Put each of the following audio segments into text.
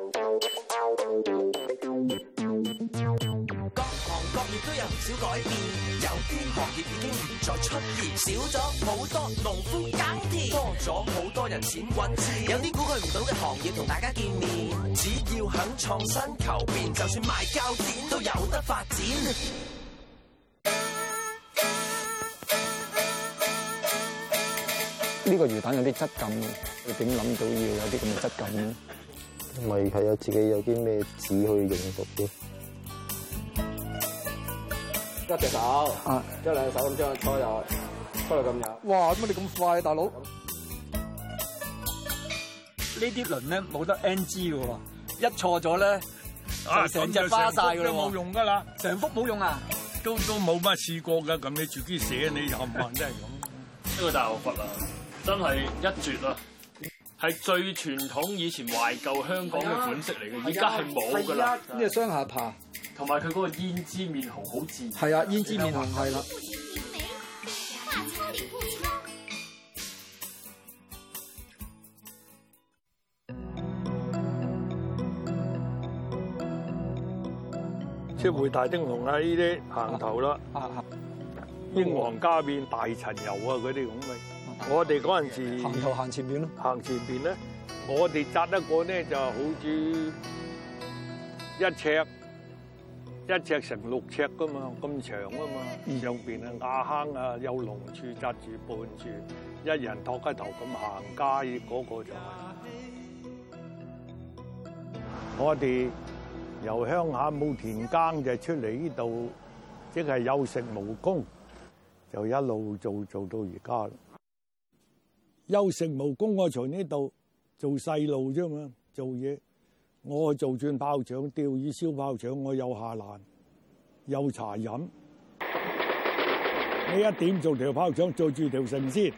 各行各業都有唔少改變，有啲行業已經唔再出現，少咗好多農夫耕田，多咗好多人錢滾錢。有啲估計唔到嘅行業同大家見面，只要肯創新求變，就算賣膠剪都有得發展。呢 呢個魚蛋有啲質感，你點諗到要有啲咁嘅質感？ 咪係有自己有啲咩紙去應付啫。一隻手，嗯、啊，一兩手咁將佢錯入，去，錯到咁入。哇！點解你咁快、啊，大佬？呢啲輪咧冇得 NG 嘅喎，一錯咗咧，啊，成隻花曬冇用噶啦，成幅冇用啊，都都冇乜試過嘅，咁你自己寫你，你又唔問真係咁。呢、嗯，這個大我骨啊，真係一絕啊！係，最傳統以前懷舊香港嘅款式嚟嘅，而家係冇㗎啦。呢個、啊、雙下巴，同埋佢嗰個胭脂面紅好自然。係啊，胭脂面紅係啦。出回大丁龍啊！呢啲行頭啦，英皇加冕、大陳油啊嗰啲咁嘅。我哋嗰陣時行頭行前邊咯，行前邊咧。我哋紮得過咧，就好似一尺一尺成六尺噶嘛，咁長啊嘛。上邊啊瓦坑啊有龍柱紮住，摘半住一人托個頭咁行街嗰個就係、是 。我哋由鄉下冇田耕就出嚟呢度，即係有食無工，就一路做做到而家。休成無功，我從呢度做細路啫嘛，做嘢我做轉炮仗，釣魚燒炮仗，我有下欄有茶飲。你 一點做條炮仗，做住條繩先。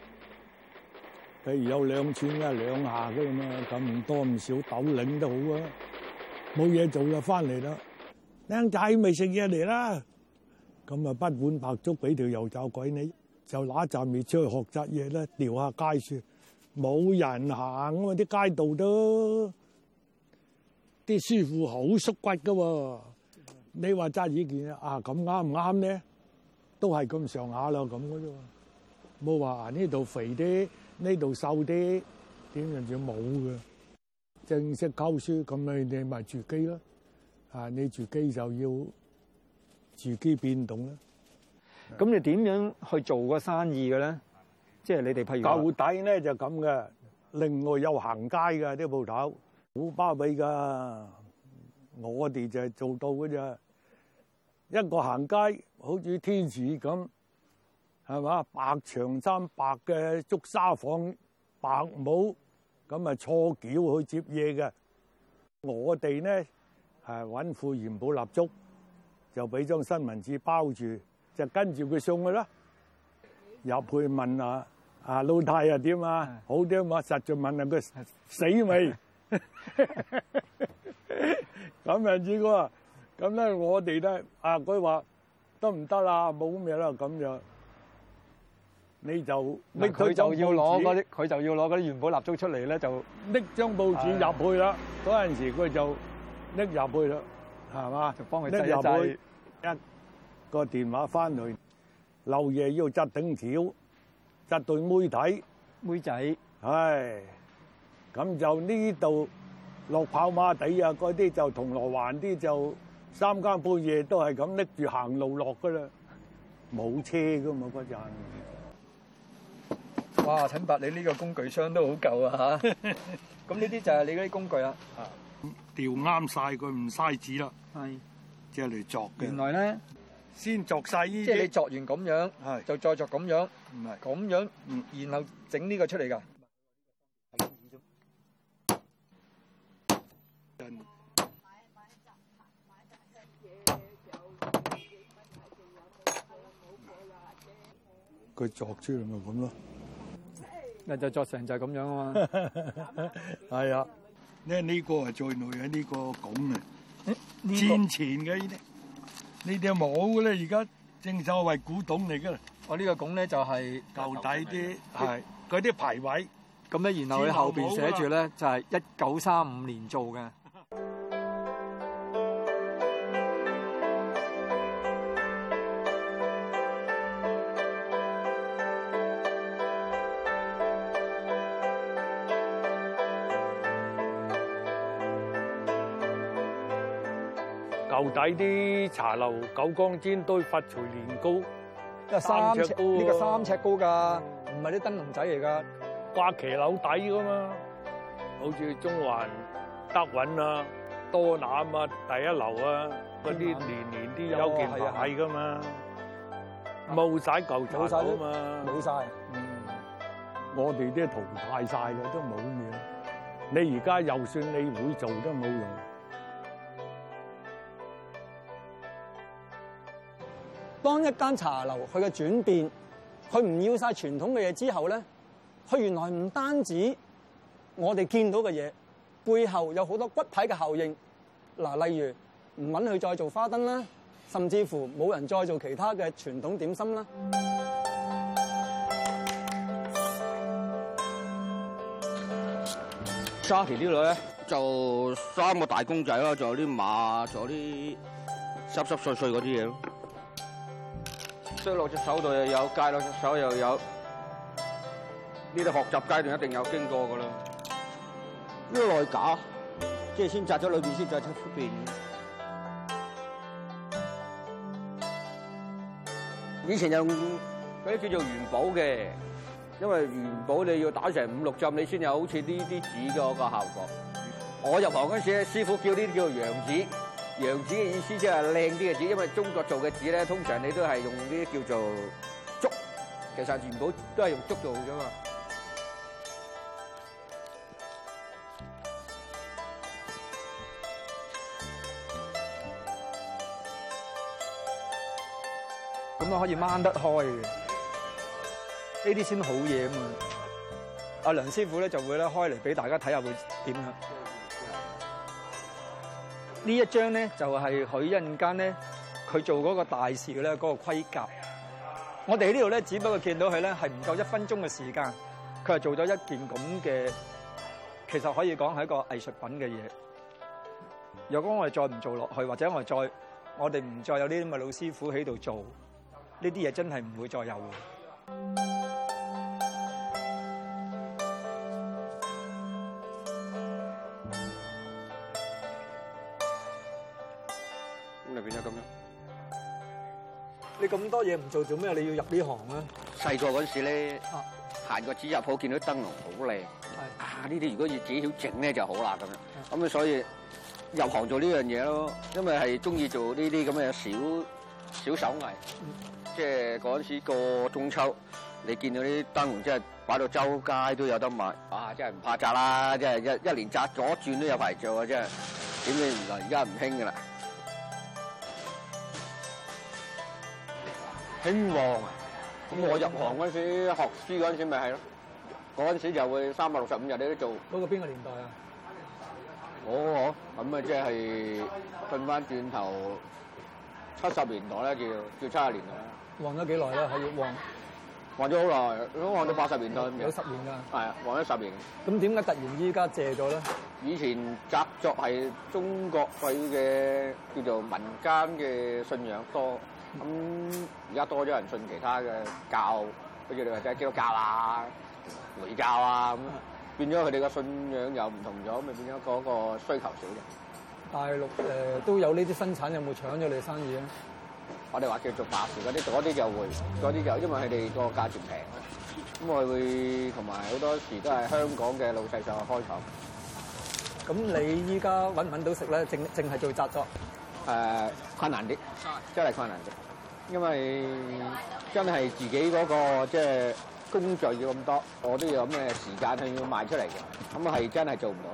譬如有兩串嘅兩下嘅咁啊，咁多唔少豆領都好啊。冇嘢做就翻嚟啦，靚仔未食嘢嚟啦。咁啊，不滿白粥俾條油炸鬼你，就拿一陣未出去學習嘢咧，掉下街樹。冇人行、啊，咁啲街道都啲師傅好縮骨噶喎、啊。你話揸耳件啊？咁啱唔啱咧？都係咁上下啦，咁嘅啫。冇話呢度肥啲，呢度瘦啲，點樣就冇嘅？正式教書咁你你咪自己咯。啊，你自己就要自己變動啦。咁你點樣去做個生意嘅咧？即係你哋譬如呢，舊底咧就咁嘅，另外有行街嘅啲鋪頭，好包尾㗎。我哋就係做到嘅啫，一個行街，好似天使咁，係嘛？白長衫、白嘅竹沙房、白帽，咁啊錯轎去接嘢嘅。我哋咧係揾副鹽寶蠟燭，就俾張新聞紙包住，就跟住佢送去啦，入去問啊。啊老太又點啊？好啲冇啊？實在問下佢死未？咁 樣子喎，咁咧我哋咧，啊佢話得唔得啦，冇咩啦咁樣就，你就拎，佢就要攞嗰啲，佢就要攞嗰啲元寶蠟燭出嚟咧，就拎張報紙入去啦。嗰陣時佢就拎入去啦，係嘛？就幫佢擠入去。一個電話翻去劉爺要紮頂轎。扎對妹睇，妹仔，唉，咁就呢度落跑馬地啊，嗰啲就銅鑼灣啲就三更半夜都係咁拎住行路落噶啦，冇車噶嘛嗰陣。哇，陳伯，你呢個工具箱都好舊啊吓，咁呢啲就係你嗰啲工具啦。啊，調啱晒佢，唔嘥紙啦。係，即係嚟作嘅。原來咧。先作曬呢啲，即係你作完咁樣，係就再作咁樣，唔係咁樣，然然後整呢個出嚟㗎。佢作出嚟咪咁咯。嗱就作成就係咁樣啊嘛。係啊，呢呢個係最耐嘅，呢個咁啊，戰前嘅呢啲。呢啲冇嘅咧，而家正所謂古董嚟嘅喇。我呢個拱呢，就係舊底啲，係佢啲牌位咁呢，然後佢後面寫住呢，就係一九三五年做嘅。底啲茶樓九江煎堆發財年糕，三尺高呢，啊呢個三尺高噶，唔係啲燈籠仔嚟噶，掛騎樓底噶嘛，好似中環得雲啊、多男啊、嗯、第一樓啊嗰啲年年都有件係噶嘛，冇晒舊牌啊嘛，冇晒，啊嗯，嗯，我哋啲淘汰晒啦，都冇用，你而家又算你會做都冇用。當一間茶樓佢嘅轉變，佢唔要晒傳統嘅嘢之後咧，佢原來唔單止我哋見到嘅嘢，背後有好多骨體嘅效應。嗱，例如唔允佢再做花燈啦，甚至乎冇人再做其他嘅傳統點心啦。a k 沙呢度呢就三個大公仔咯，仲有啲馬，仲有啲濕濕碎碎嗰啲嘢咯。塞落隻手度又有，戒落隻手又有。呢啲學習階段一定有經過噶啦。呢個內架，即係先紮咗裏面先，再出出邊。以前有嗰啲叫做元寶嘅，因為元寶你要打成五六針，你先有好似呢啲紙嗰個效果。我入行嗰陣時候，師傅叫呢啲叫做洋紙。洋紙嘅意思即係靚啲嘅紙，因為中國做嘅紙咧，通常你都係用啲叫做竹，其實全部都係用竹做㗎嘛。咁 樣可以掹得開嘅，呢啲先好嘢嘛。阿梁師傅咧就會咧開嚟俾大家睇下會點樣。呢一張咧就係佢一陣間咧，佢做嗰個大事嘅咧嗰個規格。我哋喺呢度咧，只不過見到佢咧係唔夠一分鐘嘅時間，佢係做咗一件咁嘅，其實可以講係一個藝術品嘅嘢。若果我哋再唔做落去，或者我哋再，我哋唔再有呢啲咁嘅老師傅喺度做，呢啲嘢真係唔會再有。咁多嘢唔做，做咩你要入呢行啊？細個嗰陣時呢，行個紙入鋪，見到燈籠好靚，啊呢啲如果要自己要整咧就好啦咁樣。咁所以入行做呢樣嘢咯，因為係中意做呢啲咁嘅小小手藝。嗯、即係嗰陣時過中秋，你見到啲燈籠，即係擺到周街都有得賣，啊真係唔怕紮啦，即係一連紮一年紮左轉都有排做啊，真係點知原來而家唔興噶啦。興旺，咁我入行嗰陣時學師，嗰陣時咪係咯，嗰陣時就會三百六十五日你都做。嗰個邊個年代啊？哦，咁啊，即係轉翻轉頭七十年代咧，叫叫七十年代。旺咗幾耐咧？係要旺，旺咗好耐，如果旺到八十年代。有十年㗎。係啊，旺咗十年。咁點解突然依家借咗咧？以前習俗係中國嘅叫做民間嘅信仰多。咁而家多咗人信其他嘅教，好似你話齋基督教啊、回教啊咁，變咗佢哋嘅信仰又唔同咗，咪變咗嗰個需求少嘅。大陸、呃、都有呢啲生產，有冇搶咗你嘅生意咧？我哋話叫做白事嗰啲，嗰啲就會，嗰啲就因為佢哋個價錢平，咁我會同埋好多時都係香港嘅老細上去開廠。咁你依家揾唔揾到食咧？淨淨係做紮作？誒、uh, 困難啲，真係困難啲，因為真係自己嗰、那個即係、就是、工序要咁多，我都要咁嘅時間去要賣出嚟嘅，咁係真係做唔到。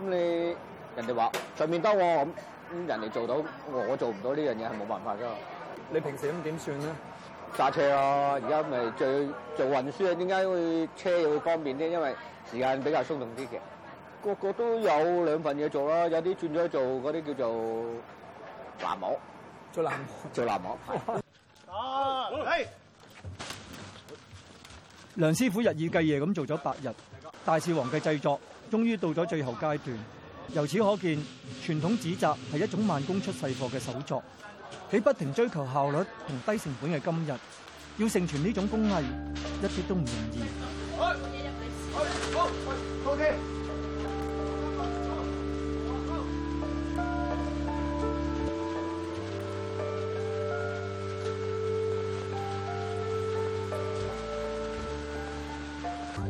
咁你人哋話上面得喎，咁咁人哋做到，我做唔到呢樣嘢係冇辦法㗎。你平時咁點算咧？揸車咯、啊，而家咪做做運輸啊？點解會車會方便啲？因為時間比較鬆動啲嘅。個個都有兩份嘢做啦，有啲轉咗做嗰啲叫做。藍模，做藍做藍模。啊， 梁師傅日以繼夜咁做咗八日，大士王嘅製作，終於到咗最後階段。由此可見，傳統紙紥係一種慢工出細貨嘅手作。喺不停追求效率同低成本嘅今日，要承傳呢種工藝，一啲都唔容易。去，好，OK。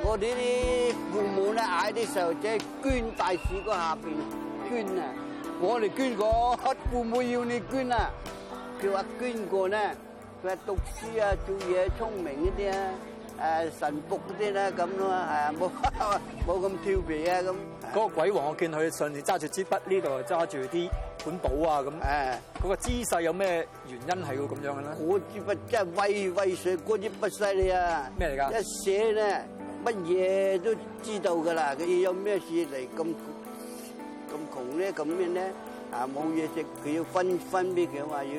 我哋啲父母咧，嗌啲細路仔捐大士嗰下邊捐啊！我哋捐過，父母要你捐啊！佢話捐過咧，佢話讀書啊、做嘢聰明嗰啲啊，誒，神服嗰啲咧咁咯，係啊，冇冇咁調皮啊咁。嗰個鬼王，我見佢上次揸住支筆，呢度又揸住啲本簿啊咁。誒，嗰個姿勢有咩原因係會咁樣嘅咧？我支筆真係威威水嗰支筆犀利啊！咩嚟噶？一寫咧～乜嘢都知道噶啦，佢要有咩事嚟咁咁窮咧？咁樣咧？啊，冇嘢食，佢要分分俾佢話？要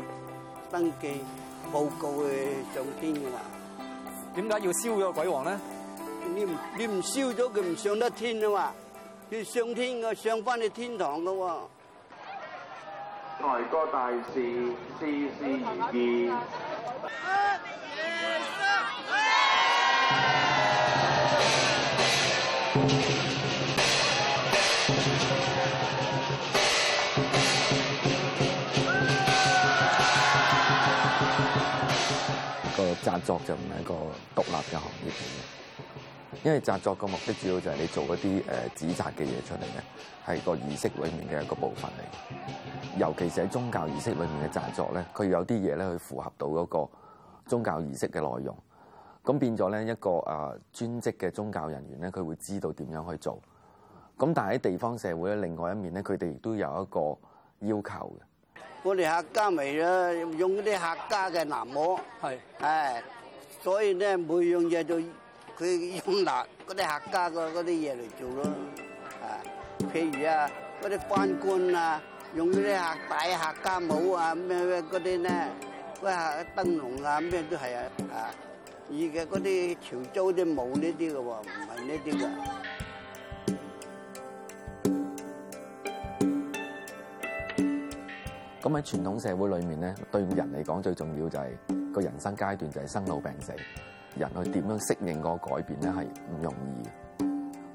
登記報告去上天嘅話？點解要燒咗鬼王咧？你唔你唔燒咗佢唔上得天啊嘛？佢上天嘅上返去天堂嘅喎。外國大事，是時機。紥作就唔係一個獨立嘅行業嚟嘅，因為紥作個目的主要就係你做一啲誒紙紥嘅嘢出嚟咧，係個儀式裏面嘅一個部分嚟。尤其是喺宗教儀式裏面嘅紥作咧，佢有啲嘢咧去符合到嗰個宗教儀式嘅內容。咁變咗咧一個啊專職嘅宗教人員咧，佢會知道點樣去做。咁但係喺地方社會咧，另外一面咧，佢哋亦都有一個要求嘅。我哋客家嚟啊，用嗰啲客家嘅南模，係，誒，所以咧每樣嘢就佢用南嗰啲客家嘅嗰啲嘢嚟做咯，啊，譬如啊，嗰啲關官啊，用嗰啲客帶客家帽啊，咩咩嗰啲咧，嗰下燈籠啊，咩都係啊啊，而嘅嗰啲潮州啲帽呢啲嘅喎，唔係呢啲嘅。咁喺傳統社會裏面咧，對人嚟講最重要就係個人生階段就係生老病死，人去點樣適應個改變咧係唔容易。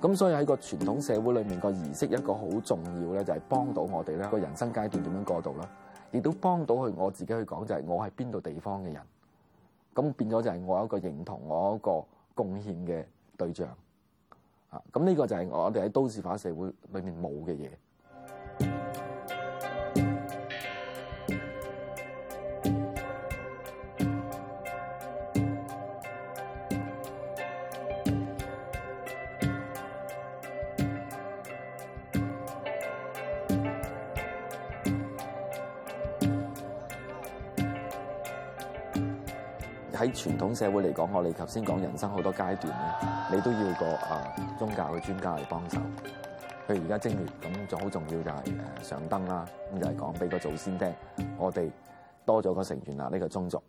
咁所以喺個傳統社會裏面個儀式一個好重要咧，就係幫到我哋咧個人生階段點樣過渡啦，亦都幫到去我自己去講就係我係邊度地方嘅人。咁變咗就係我有一個認同，我有一個貢獻嘅對象。啊，咁呢個就係我哋喺都市化社會裏面冇嘅嘢。喺傳統社會嚟講，我哋頭先講人生好多階段咧，你都要個啊宗教嘅專家嚟幫手。譬如而家正月咁，仲好重要就係誒上燈啦。咁就係講俾個祖先聽，我哋多咗個成員啦，呢個宗族。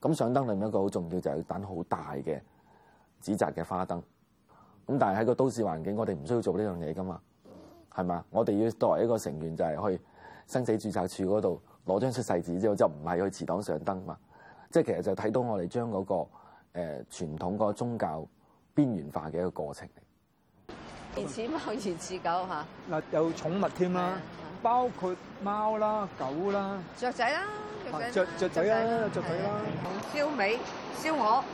咁上燈另一個好重要就係等好大嘅紙紥嘅花燈。咁但係喺個都市環境，我哋唔需要做呢樣嘢噶嘛，係咪？我哋要作為一個成員，就係去生死註冊處嗰度攞張出世紙之後，就唔係去祠堂上燈嘛。即係其實就睇到我哋將嗰、那個誒、呃、傳統個宗教邊緣化嘅一個過程嚟。疑似貓，疑似狗嚇。嗱、啊啊、有寵物添啦、啊啊，包括貓啦、啊、狗啦、雀仔啦、啊，雀雀仔啦、雀仔啦、啊啊啊，燒味、燒鵝、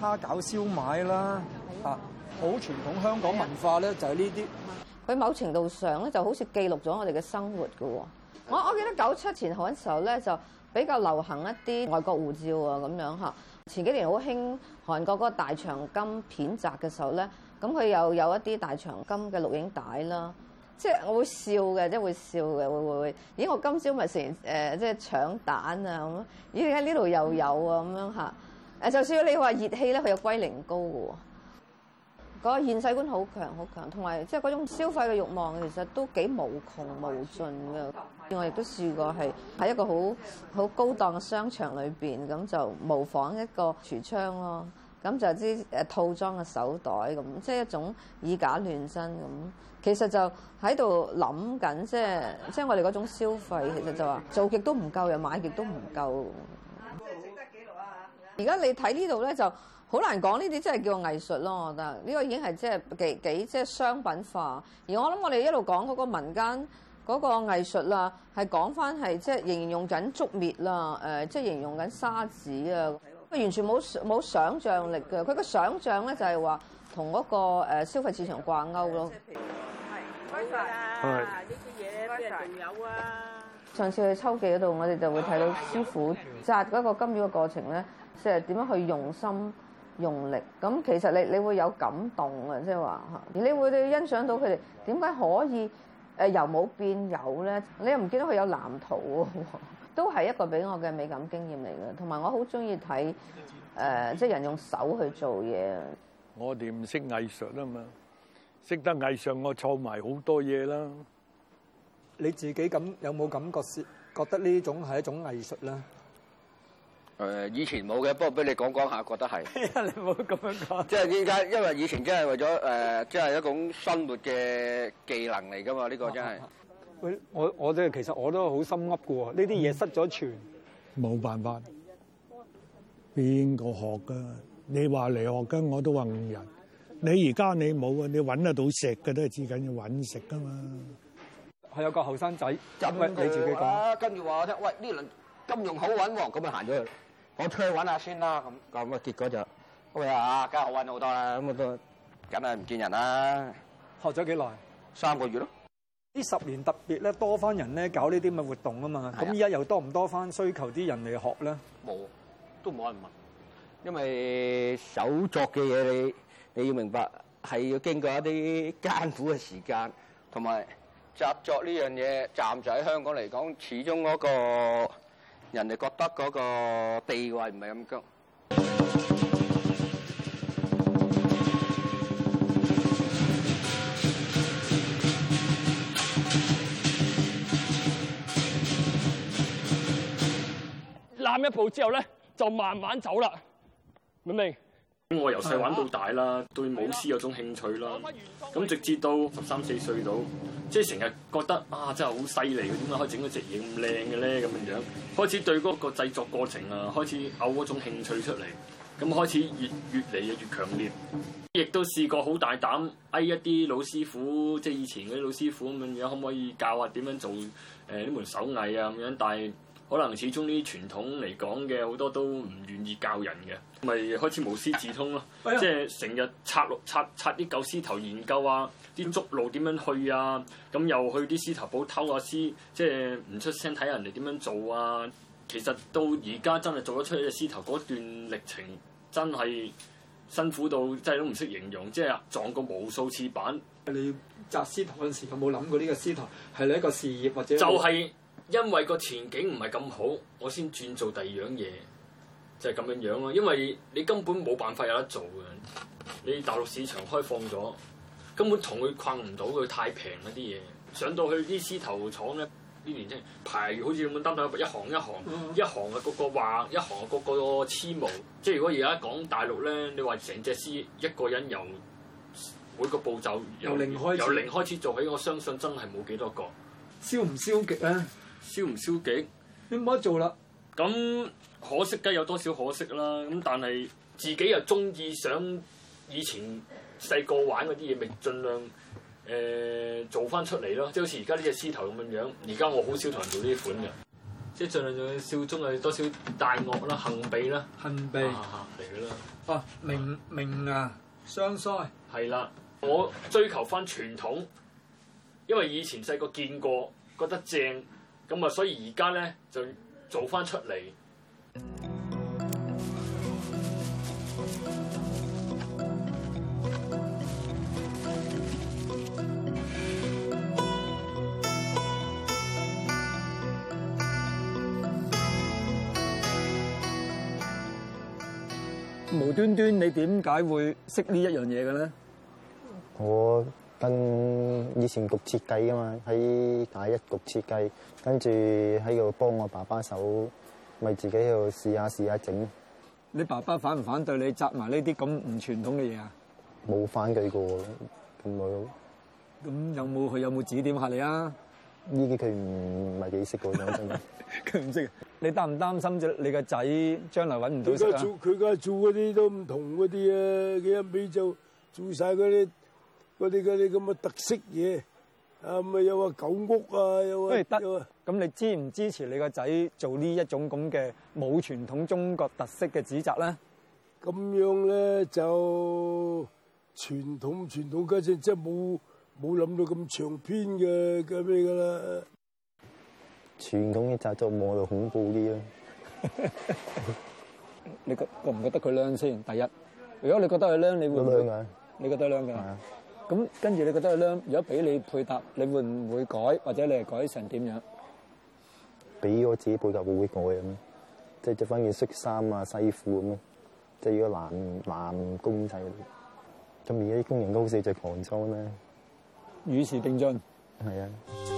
蝦餃燒、燒賣啦，嚇、啊、好、啊啊、傳統香港文化咧就係呢啲。佢、啊啊、某程度上咧就好似記錄咗我哋嘅生活㗎喎。我我記得九七前後嘅時候咧就，比較流行一啲外國護照啊咁樣嚇，前幾年好興韓國嗰個大長今片集嘅時候咧，咁佢又有一啲大長今嘅錄影帶啦，即係我會笑嘅，即係會笑嘅，會會會，咦我今朝咪食完誒即係搶蛋啊咁，咦喺呢度又有啊咁樣嚇，誒就算你話熱氣咧，佢有龜苓膏嘅喎，嗰、那個現世觀好強好強，同埋即係嗰種消費嘅慾望其實都幾無窮無盡嘅。我亦都試過係喺一個好好高檔嘅商場裏邊咁就模仿一個櫥窗咯，咁就知誒套裝嘅手袋咁，即係一種以假亂真咁。其實就喺度諗緊，即係即係我哋嗰種消費，其實就話做極都唔夠，又買極都唔夠。即係得幾耐啊！而家你睇呢度咧，就好難講呢啲，即係叫做藝術咯。我覺得呢個已經係即係幾幾即係商品化，而我諗我哋一路講嗰個民間。嗰、那個藝術啦，係講翻係即係形容緊竹滅啦，誒即係形容緊沙子啊，佢完全冇冇想像力嘅。佢個想像咧就係話同嗰個消費市場掛鈎咯。係啊！呢啲嘢多謝隊友啊！上次去秋記嗰度，我哋就會睇到師傅紮嗰個金魚嘅過程咧，即日點樣去用心用力。咁其實你你會有感動啊，即係話你會欣賞到佢哋點解可以。誒由冇變有咧，你又唔見到佢有藍圖喎，都係一個俾我嘅美感經驗嚟嘅。同埋我好中意睇誒，即係人用手去做嘢。我哋唔識藝術啊嘛，識得藝術我錯埋好多嘢啦。你自己咁有冇感覺？覺得呢種係一種藝術咧？誒以前冇嘅，不過俾你講講一下，覺得係。 你唔好咁樣講。即係點解？因為以前真係為咗誒，即、呃、係一種生活嘅技能嚟㗎嘛。呢、呢個真係、啊啊。喂，我我即其實我都好心噏嘅呢啲嘢失咗傳，冇、嗯、辦法。邊個學㗎？你話嚟學㗎，我都話唔入。你而家你冇啊？你揾得到食嘅都係至緊要揾食㗎嘛。係有個後生仔，喂你自己講，啊。跟住話我聽，喂呢輪金融好揾喎，啊，咁咪行咗去。」我出去揾下先啦，咁咁啊結果就，我話啊梗係好玩好多啦，咁我都梗係唔見人啦。學咗幾耐？三個月咯。呢十年特別咧，多翻人咧搞呢啲咁嘅活動啊嘛。咁依家又多唔多翻需求啲人嚟學咧？冇，都冇人問。因為手作嘅嘢，你你要明白係要經過一啲艱苦嘅時間，同埋製作呢樣嘢，站住喺香港嚟講，始終嗰個。人哋覺得嗰個地位唔係咁高，攬一步之後呢，就慢慢走啦，明唔明？咁我由細玩到大啦，對舞獅有種興趣啦。咁直至到十三四歲到，即係成日覺得啊，真係好犀利嘅，點解可以整到直影咁靚嘅咧？咁樣樣開始對嗰個製作過程啊，開始有嗰種興趣出嚟。咁開始越越嚟越強烈，亦都試過好大膽，翳一啲老師傅，即係以前嗰啲老師傅咁樣樣，可唔可以教下點樣做誒？呢、呃、門手藝啊，咁樣但係。可能始終呢啲傳統嚟講嘅好多都唔願意教人嘅，咪開始無師自通咯、哎。即係成日拆落拆拆啲舊獅頭研究啊，啲竹路點樣去啊，咁又去啲獅頭鋪偷下師，即係唔出聲睇人哋點樣做啊。其實到而家真係做得出嚟嘅獅頭嗰段歷程，真係辛苦到真係都唔識形容，即係撞過無數次板。你紮獅頭嗰陣時候，有冇諗過呢個獅頭係你一個事業或者？就係、是。因為個前景唔係咁好，我先轉做第二樣嘢，就係、是、咁樣樣咯。因為你根本冇辦法有得做嘅，你大陸市場開放咗，根本同佢困唔到佢太平嗰啲嘢。上到去啲獅頭廠咧，啲年輕人排好似咁樣單一行一行，嗯、一行啊個個畫，一行啊個個黐毛。即係如果而家講大陸咧，你話成隻獅一個人由每個步驟由零開始，由零開始做起，我相信真係冇幾多個。消唔消極咧？消唔消極？你唔可以做啦。咁可惜梗有多少可惜啦。咁但係自己又中意想以前細個玩嗰啲嘢，咪盡量誒、呃、做翻出嚟咯。即係好似而家呢隻獅頭咁嘅樣。而家我好少同人做呢款嘅，即係盡量仲要笑中有多少大惡啦，幸鼻啦，恨鼻嚟㗎啦。哦、啊，明明呀雙腮係啦。我追求翻傳統，因為以前細個見過，覺得正。咁啊，所以而家咧就做返出嚟。無端端你點解會識這事的呢一樣嘢嘅咧？我。跟以前焗設計啊嘛，喺打一焗設計，跟住喺度幫我爸爸手，咪自己喺度試下試下整。你爸爸反唔反對你紮埋呢啲咁唔傳統嘅嘢啊？冇反對過，咁耐咯。咁有冇佢有冇指點下你啊？呢啲佢唔係幾識嘅，真係佢唔識。你擔唔擔心就你個仔將來揾唔到嘅？做佢家做嗰啲都唔同嗰啲啊，佢一味就做晒嗰啲。嗰啲嗰啲咁嘅特色嘢，啊咪有個狗屋啊，又話，咁、嗯、你支唔支持你個仔做呢一種咁嘅冇傳統中國特色嘅紙紥咧？咁樣咧就傳統傳統嗰啲即係冇冇諗到咁長篇嘅嘅咩㗎啦？傳統嘅紮作望落恐怖啲啦。 你覺覺唔覺得佢僆先？第一，如果你覺得佢僆，你會唔會？有、啊、你覺得僆㗎？咁跟住，你覺得呢？如果俾你配搭，你會唔會改，或者你係改成點樣？俾我自己配搭會唔會改咁？即係着翻件色衫啊、西褲咁即係如果男男工仔，咁而家啲工人都好似著韓裝咧，與時並進。係、嗯、啊。